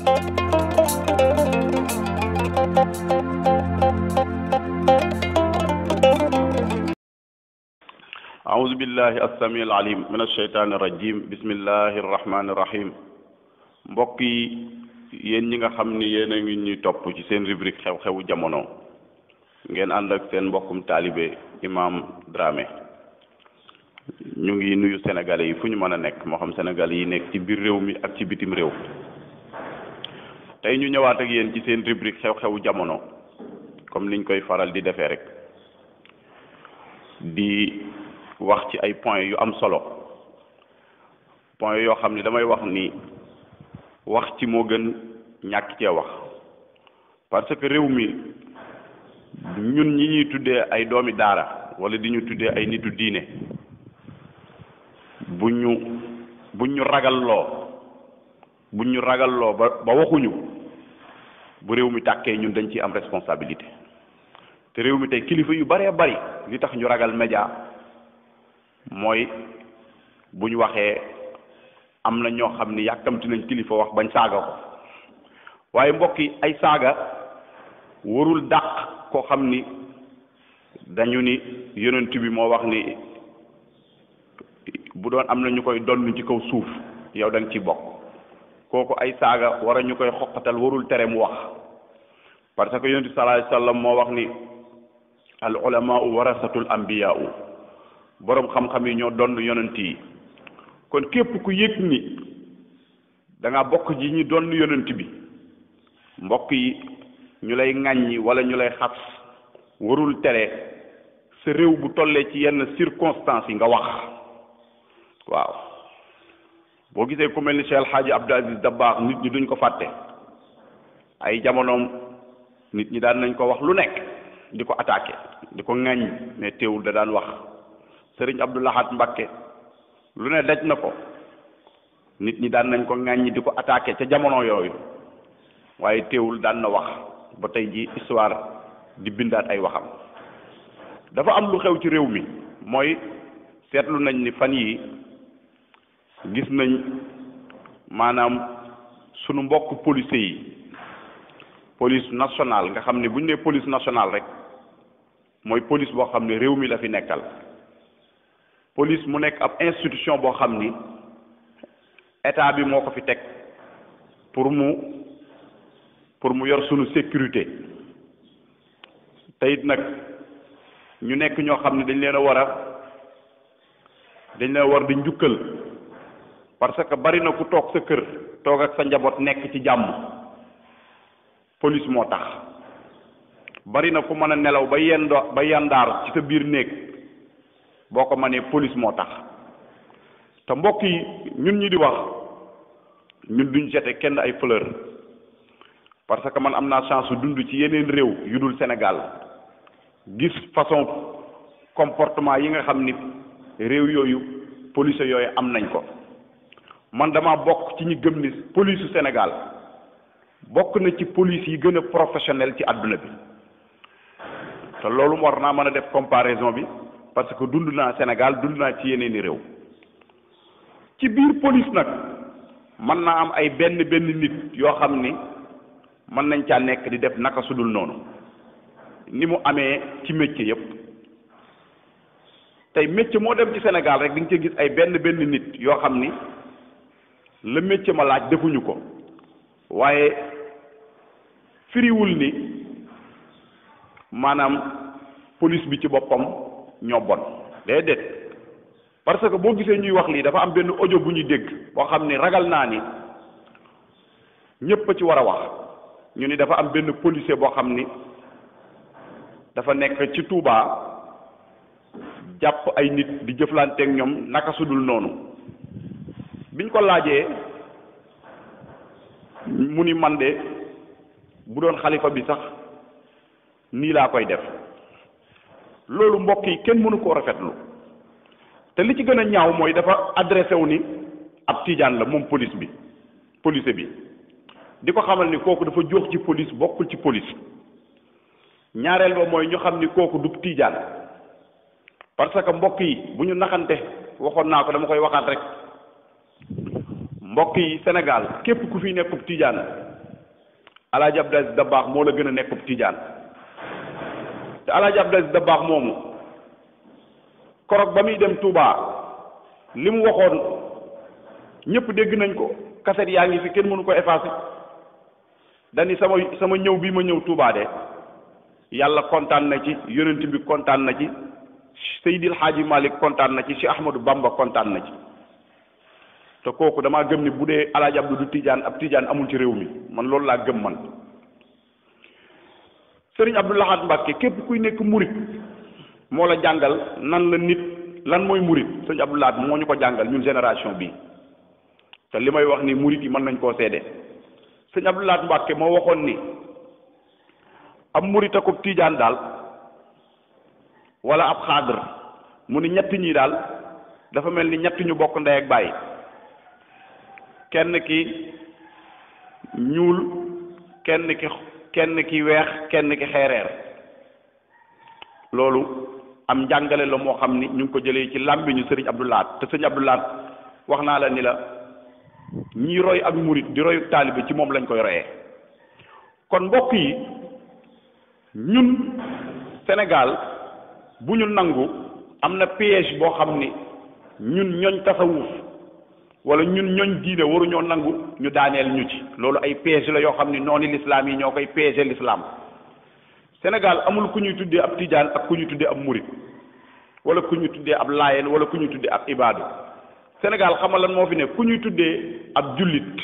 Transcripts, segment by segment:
أعوذ بالله السميع العليم من الشيطان الرجيم بسم الله الرحمن الرحيم mbokk yi yéen ñi nga xam ni yéen a ngi ñuy topp ci seen rubrique xew-xewu jamono ngeen ànd ak seen mbokkum taalibe Imam Dramé ñu ngi nuyu sénégalais yi fu ñu mën a nekk moo xam sénégalais yi nekk ci biir réew mi ak ci bitim réew tey ñu ñëwaat ak yéen ci seen rubrique xew-xewu jamono comme niñ koy faral di defee rek di wax ci ay point yu am solo point yoo xam ne damay wax ni wax ci moo gën ñàkk cee wax parce que réew mi ñun ñi ñuy tuddee ay doomi daara wala di ñu tuddee ay nitu diine bu ñu bu ñu ragalloo bu ñu ragalloo ba ba waxuñu bu réew mi tàkkee ñun dañ ci am responsabilité te réew mi tey kilifa yu baree bari li tax ñu ragal média mooy bu ñu waxee am na ñoo xam ni yàkkamti nañ kilifa wax bañ saaga ko waaye mbokk yi ay saaga warul dàq koo xam ni dañu ni yonent bi moo wax ni bu doon am na ñu koy donn ci kaw suuf yow da nga ci bokk kooku ay saaga wara ñu koy xoqatal warul tere mu wax parce que yonent bi sallallahu alayhi wasallam moo wax ni al ulamaau warasatul ambiyaau boroom xam-xam yi ñoo donn yonent yi kon képp ku yëg ni da nga bokk ji ñi donn yonent bi mbokk yi ñu lay ŋàññi wala ñu lay xas warul tere sa réew bu tollee ci yenn circonstances yi nga wax waaw boo gisee ku mel ni Cheikh El Hadji Abdou Aziz Dabakh nit ñi duñ ko fàtte ay jamonoom nit ñi daan nañ ko wax lu nekk di ko attaqué di ko ŋaññi mais téewul da daan wax sëriñ Abdou laxaat Mbacké lu ne daj na ko nit ñi daan nañ ko ŋaññi di ko attaqué ca jamono yooyu waaye teewul daan na wax ba tey ji histoire di bindaat ay waxam dafa am lu xew ci réew mi mooy seetlu nañ ni fan yi gis nañ maanaam sunu mbokk police yi police nationale nga xam ne bu ñu nee police nationale rek mooy police boo xam ne réew mi la fi nekkal police mu nekk ab institution boo xam ni état bi moo ko fi teg pour mu pour mu yor sunu sécurité teyit nag ñu nekk ñoo xam ne dañ leen a war a dañ leen war di njukkal parce que bari na ku toog sa kër toog ak sa njaboot nekk ci jàmm police moo tax bari na ku mën a nelaw ba yendoo ba yandaar ci sa biir néeg boo ko mënee police moo tax te mbokk yi ñun ñi di wax ñun duñ jete kenn ay fleur parce que man am naa chance dund ci yeneen réew yu dul Sénégal gis façon comportement yi nga xam ni réew yooyu police yooyu am nañ ko man dama bokk ci ñi gëm ni police su Sénégal bokk na ci police yi gën a professionnel ci àdduna bi te loolu war naa mën a def comparaison bi parce que dund naa Sénégal dund naa ci yeneen réew ci biir police nag mën naa am ay benn benn nit yoo xam ni mën nañ caa nekk di def naka su noonu ni mu amee ci métier yépp tey métier moo dem ci Sénégal rek di nga ci gis ay benn benn nit yoo xam ni le métier ma laaj defuñu ko waaye firiwul ni maanaam police bi ci boppam ñoo bon déedéet parce que boo gisee ñuy wax lii dafa am benn audio bu ñuy dégg boo xam ne ragal naa ni ñépp a ci war a wax ñu ni dafa am benn policier boo xam ni dafa nekk ci Touba jàpp ay nit di jëflanteeg ñoom naka noonu biñ ko laajee mu ni man de bu doon xalifa bi sax nii laa koy def loolu mbokk yi kenn mënu koo rafetlu te li ci gën a ñaaw mooy dafa adressé wu ni ab tijaan la moom police bi police bi di ko xamal ni kooku dafa jox ci police bokkul ci police ñaareel ba mooy ñu xam ni kooku du tijaan parce que mbokk yi bu ñu naxante waxoon naa ko dama koy waxaat rek mbokk yi Sénégal képp ku fi nekkub tiijaan Alaaji Abdou Aziz Dabakh moo la gën a nekkub tijaan te Alaaji Abdou baax moomu korog ba muy dem Touba li mu waxoon ñëpp dégg nañ ko kaset yaa ngi fi kenn mënu ko effacer dani sama sama ñëw bi ma ñëw Touba de yàlla kontaan na ci yonent bi kontaan na ci Seydil Hadji Malick kontaan na ci Cheikh Ahmadou Bamba kontaan na ci te kooku damaa gëm ni bu dee alaaji Abdu du tijaan ab tijaan amul ci réew mi man loolu laa gëm man sëriñ Abdou Lahad Mbàkke képp kuy nekk murit moo la jàngal nan la nit lan mooy murit sëriñ Abdou Lahad moo ñu ko jàngal ñun génération bi te li may wax ni murit yi mën nañ koo seede sëriñ Abdou Lahad Mbàkke moo waxoon ni am murit ak ab tijaan daal wala ab xaadar mu ni ñett ñi daal dafa mel ni ñett ñu bokk ndey ak bàyyi kenn ki ñuul kenn ki kenn ki weex kenn ki xeereer loolu am njàngale la moo xam ni ñu ngi ko jëlee ci làmbiñu sëriñ abdulaat te sëriñ abdulaat wax naa la ni la ñi roy ak murit di royu taalibe ci moom lañ koy royee kon mbokk yi ñun Sénégal bu ñu nangu am na piège boo xam ni ñun ñooñ tasawuf wala ñun ñooñ diine waruñoo nangu ñu daaneel ñu ci loolu ay piège la yoo xam ne noonu lislaam yi ñoo koy piéger lislaam Sénégal amul ku ñuy tuddee ab tijaan ak ku ñuy tuddee ab murit wala ku ñuy tuddee ab laayeen wala ku ñuy tuddee ab ibaadu Sénégal xamal lan moo fi ne ku ñuy tuddee ab jullit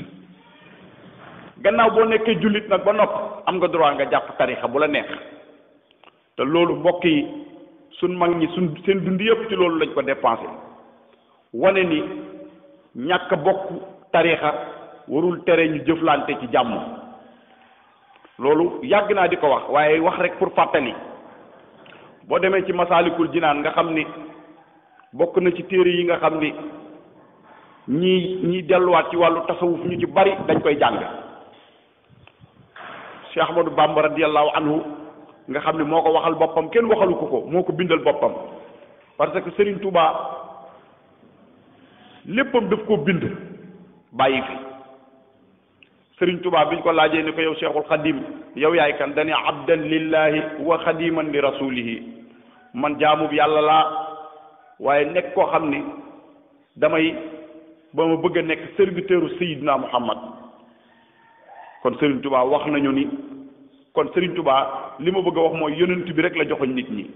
gannaaw boo nekkee jullit nag ba nopp am nga droit nga jàpp tarixa bu la neex te loolu mbokk yi suñ mag ñi suñ seen dund yëpp ci loolu lañ ko dépensé wane ni. ñàkk bokk tariixa warul tere ñu jëflante ci jàmm loolu yàgg naa di ko wax waaye wax rek pour fàttali boo demee ci masaalikul jinaan nga xam ni bokk na ci téere yi nga xam ni ñii ñii delluwaat ci wàllu tasawuf ñu ci bari dañ koy jàng Cheikh Ahmadou Bamba radiyallahu anhu nga xam ni moo ko waxal boppam kenn waxalu ko ko moo ko bindal boppam parce que Serigne Touba léppam daf koo bind bàyyi fi sëriñ tubaa biñ ko laajee ni ko yow cheikhul xadim yow yaay kan dani abdan lillahi wa xadiman li rasulihi man jaamub yàlla laa waaye nekk koo xam ni damay ba ma bëgg a nekk serviteuru sayidna muhammad kon sëriñ tubaa wax nañu ni kon sëriñ tubaa li ma bëgg a wax mooy yonent bi rek la joxoñ nit ñi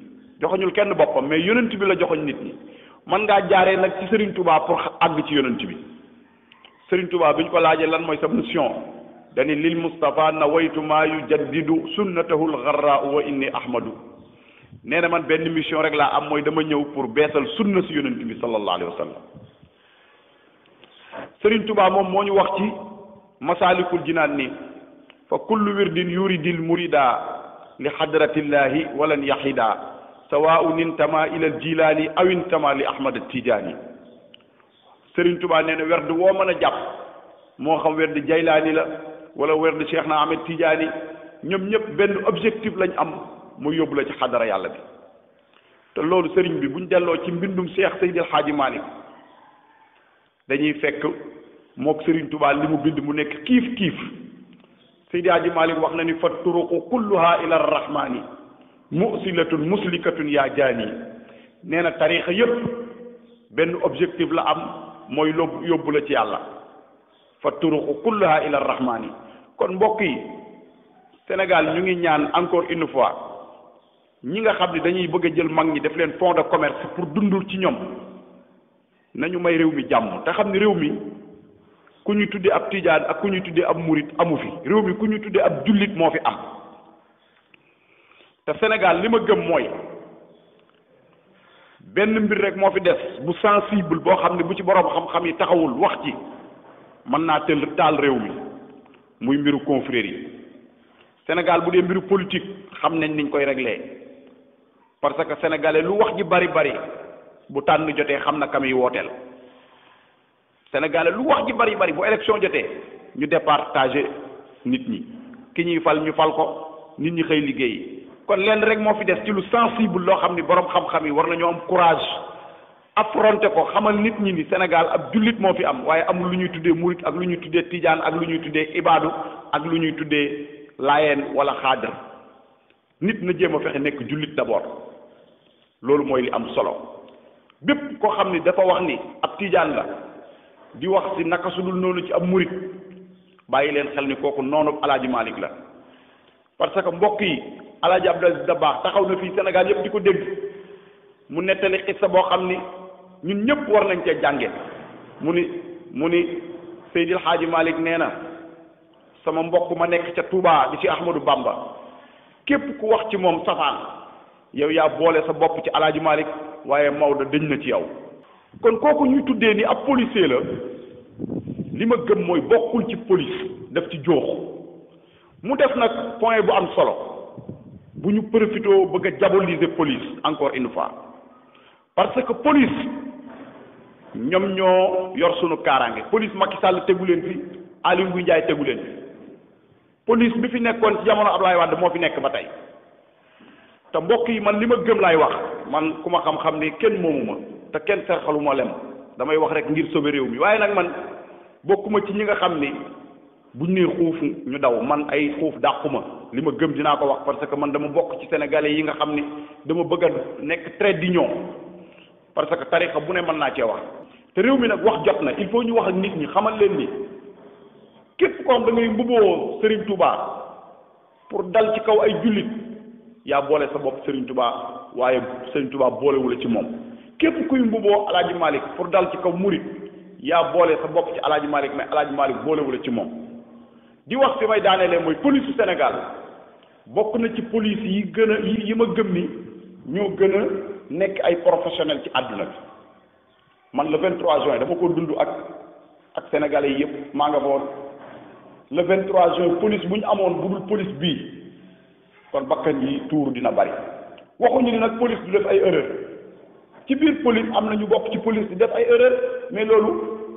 joxoñul kenn boppam mais yonent bi la joxoñ nit ñi man ngaa jaaree nag ci Serigne Touba pour àgg ci yonent bi Serigne tubaa bi ñu ko laajee lan mooy sa mission dani lil Moustapha nawaytu maa yu jaddidu sunnatahul xarraa wa inni ahmadu nee na man benn mission rek laa am mooy dama ñëw pour beesal sunna si yonent bi sallallahu alayhi wa sallam Serigne Touba moom moo ñu wax ci masaalikul jinaan ni fa kullu wirdin yuridil murida li xadratillahi walan yaxida sawaa'un intama ilal jilaani aw intama li ahmad tijaani sëriñ tubaa nee na werd woo mën a jàpp moo xam werd jaylaani la wala werd cheikh na ahmed tijaani ñoom ñëpp benn objectif lañ am mu yóbbu la ci xadara yàlla bi te loolu sëriñ bi buñ delloo ci mbindum seex seydil xaaji maalik dañuy fekk mook sëriñ tubaa li mu bind mu nekk kiif kiif seydi xaaji maalik wax na ni fa turuqu kulluha ila rahmaani musilatun muslikatun yaa jaani nee na tarixa yëpp benn objectif la am mooy lóbbu yóbbu la ci yàlla fa turuqu kullaha ila rahmaani kon mbokk yi Sénégal ñu ngi ñaan encore une fois ñi nga xam ni dañuy bëgg a jël mag ñi def leen fond de commerce pour dundul ci ñoom nañu may réew mi jàmm te xam ne réew mi ku ñu tuddee ab tijaan ak ku ñu tuddee ab murit amu fi réew mi ku ñu tuddee ab jullit moo fi am te Sénégal li ma gëm mooy benn mbir rek moo fi des bu sensible boo xam ne bu ci boroom xam-xam yi taxawul wax ci mën naa tël taal réew mi muy mbiru confrérie yi Sénégal bu dee mbiru politique xam nañ niñ koy regle parce que sénégalais lu wax ji bari bari bu tànn jotee xam na kam yi wooteel sénégalais lu wax ji bari bari bu élection jotee ñu départager nit ñi ki ñuy fal ñu fal ko nit ñi xëy liggéey kon leen rek moo fi des ci lu sensible loo xam ni borom xam-xam yi war nañoo am courage affronter ko xamal nit ñi ni Sénégal ab jullit moo fi am waaye amul lu ñuy tuddee murit ak lu ñuy tuddee tijaan ak lu ñuy tuddee ibaadu ak lu ñuy tuddee layen wala xaadar nit na jéem a fexe nekk jullit d'abord loolu mooy li am solo bépp koo xam ni dafa wax ni ab tijaan la di wax si naka su dul noonu ci ab murit bàyyi leen xel ni kooku noonu Alaaji Malik la parce que mbokk yi. alaaji Abdou Aziz baax taxaw na fii Sénégal yëpp di ko dégg mu nettali xissa boo xam ni ñun ñëpp war nañ cee jànge mu ni mu ni Seydil Hadji Malick nee na sama mbokk ma nekk ca Touba di ci Ahmadou bàmba képp ku wax ci moom safaan yow yaa boole sa bopp ci alaaji Malick waaye Maodo dëñ na ci yow kon kooku ñuy tuddee ni ab policier la li ma gëm mooy bokkul ci police def ci joox mu def nag point bu am solo bu ñu profité bëgg a diaboliser police encore une fois parce que police ñoom ñoo yor sunu kaaraange police Macky sàll tegu leen fi Aly Ngouille Ndiaye tegu leen fi police bi fi nekkoon ci jamono Abdoulaye Wade moo fi nekk ba tey te mbokk yi man li ma gëm laay wax man ku ma xam-xam ni kenn moomu te kenn serxalu ma lem damay wax rek ngir sauver réew mi waaye nag man bokkuma ci ñi nga xam ni buñ nee xuuf ñu daw man ay xuuf dàquma li ma gëm dinaa ko wax parce que man dama bokk ci sénégalais yi nga xam ni dama bëgg a nekk trait d'union parce que tarixa bu ne mën naa cee wax te réew mi nag wax jot na il faut ñu wax ak nit ñi xamal leen bi képp ko xam da ngay mbubboo Serigne pour dal ci kaw ay jullit yaa boole sa bopp sëriñ tubaa waaye Serigne Touba boolewula ci moom képp kuy mbubboo Alaaji Malick pour dal ci kaw murit yaa boole sa bopp ci Alaaji Malick mais Alaaji Malick ci moom di wax fi may daanelee mooy police su Sénégal bokk na ci police yi gën a yi yi ma gëm ni ñoo gën a nekk ay professionnel ci àdduna bi man la le trois juin dama ko dund ak ak sénégalais yi yëpp maa nga la le trois juin police bu ñu amoon bu dul police bii kon bakkan yi tuur dina bari waxuñu ni nag police du def ay erreur ci biir police am na ñu bokk ci police di def ay erreur mais loolu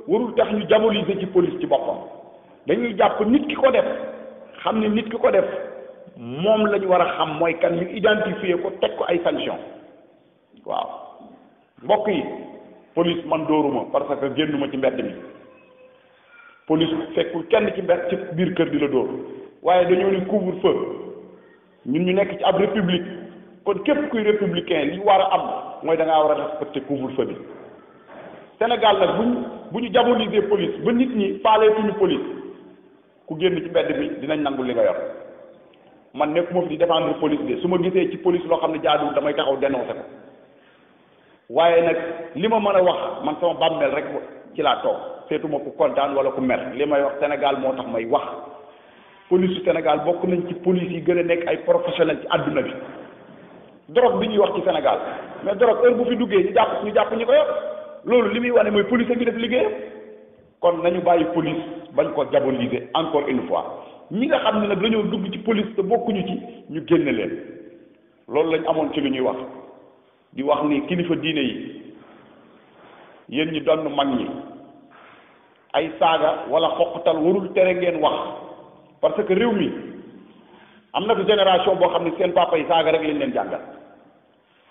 warul tax ñu diaboliser ci police ci boppam. dañuy jàpp nit ki ko def xam ne nit ki ko def moom lañu war a xam mooy kan ñu identifier ko teg ko ay sanction waaw mbokk yi police man dóoruma parce que génn génnuma ci mbedd mi police fekkul kenn ci mbedd ci biir kër di la dóor waaye dañoo ni couvre feu ñun ñu nekk ci ab république kon képp kuy républicain li war a am mooy da war a respecté couvre feu bi Sénégal nag buñ bu ñu diaboliser police ba nit ñi faaleetuñu police ku génn ci mbedd bi dinañ nangu li nga yor man nekk moom di défendre police de su ma gisee ci police loo xam ne jaaduwul damay taxaw dénoncé ko waaye nag li ma mën a wax man sama bàmmeel rek ci laa toog seetuma ku kontaan wala ku mer li may wax Sénégal moo tax may wax police su Sénégal bokk nañ ci police yi gën a nekk ay professionnel ci àdduna bi drogue bi ñuy wax ci Sénégal mais drogue heure bu fi duggee ñu jàpp ñu jàpp ñu ko yor loolu li muy wane mooy police bi def liggéeyam kon nañu bàyyi police bañ ko diaboliser encore une fois ñi nga xam ne nag dañoo dugg ci police te bokkuñu ci ñu génne leen loolu lañ amoon ci lu ñuy wax di wax ni kilifa diine yi yéen ñi donn mag ñi ay saaga wala xoqatal warul tere ngeen wax parce que réew mi am na fi génération boo xam ne seen papa yi saaga rek lañ leen jàngal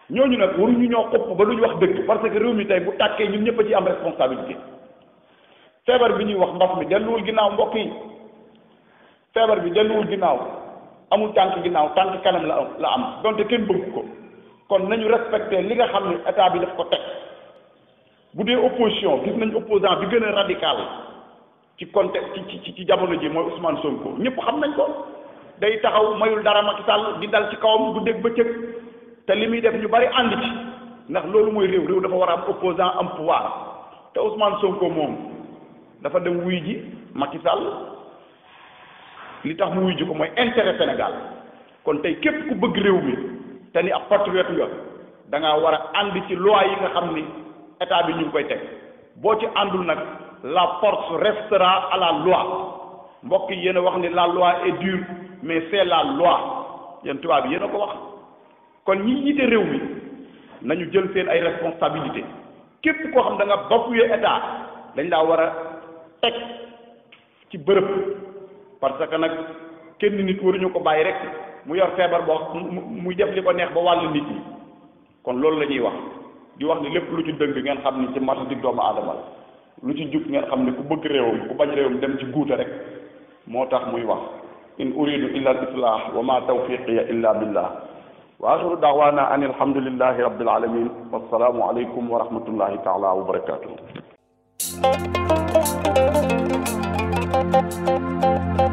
ñooñu nag waruñu ñoo xopp ba ñu wax dëgg parce que réew mi tey bu tàkkee ñun ñëpp a ci am responsabilité feebar bi ñuy wax mbas mi delluwul ginnaaw mbokk yi feebar bi delluwul ginnaaw amul tànk ginnaaw tànk kanam la am la am donte kenn bëgg ko kon nañu respecté li nga xam ne état bi daf ko teg bu dee opposition gis nañ opposant bi gën a radical ci contexte ci ci ci jamono ji mooy Ousmane Sonko ñëpp xam nañ ko day taxaw mayul dara ma Macky Sall di dal ci kawam bu dégg ba cëg te li muy def ñu bari ànd ci ndax loolu mooy réew réew dafa war a am opposant am pouvoir te Ousmane Sonko moom. dafa dem wuy ji Macky Sall li tax mu wuy ji ko mooy intérêt Sénégal kon tey képp ku bëgg réew mi te ni ab patriote nga da ngaa war a ànd ci loi yi nga xam ni état bi ñu ngi koy teg boo ci àndul nag la force restera à la loi mbokk yi yéen a wax ni la loi est mais c'est la loi yéen tubaab yéen a ko wax kon ñi jiite réew mi nañu jël seen ay responsabilité képp koo xam da nga bapuyee état dañ laa war a teg ci bërëb parce que nag kenn nit waruñu ko bàyyi rek mu yor feebar boo muy def li ko neex ba wàll nit ñi kon loolu la ñuy wax di wax ni lépp lu ci dëng ngeen xam ni ci di doomu aadama la lu ci jub ngeen xam ni ku bëgg réewam ku bañ réewam dem ci guuta rek moo tax muy wax in uridu illa al islah wa ma tawfiqiya illa billah wa axiru daawana an alhamdulillahi rabbil alamin wassalaamu aleykum wa rahmatullahi taala wa barakatuhu Thank you.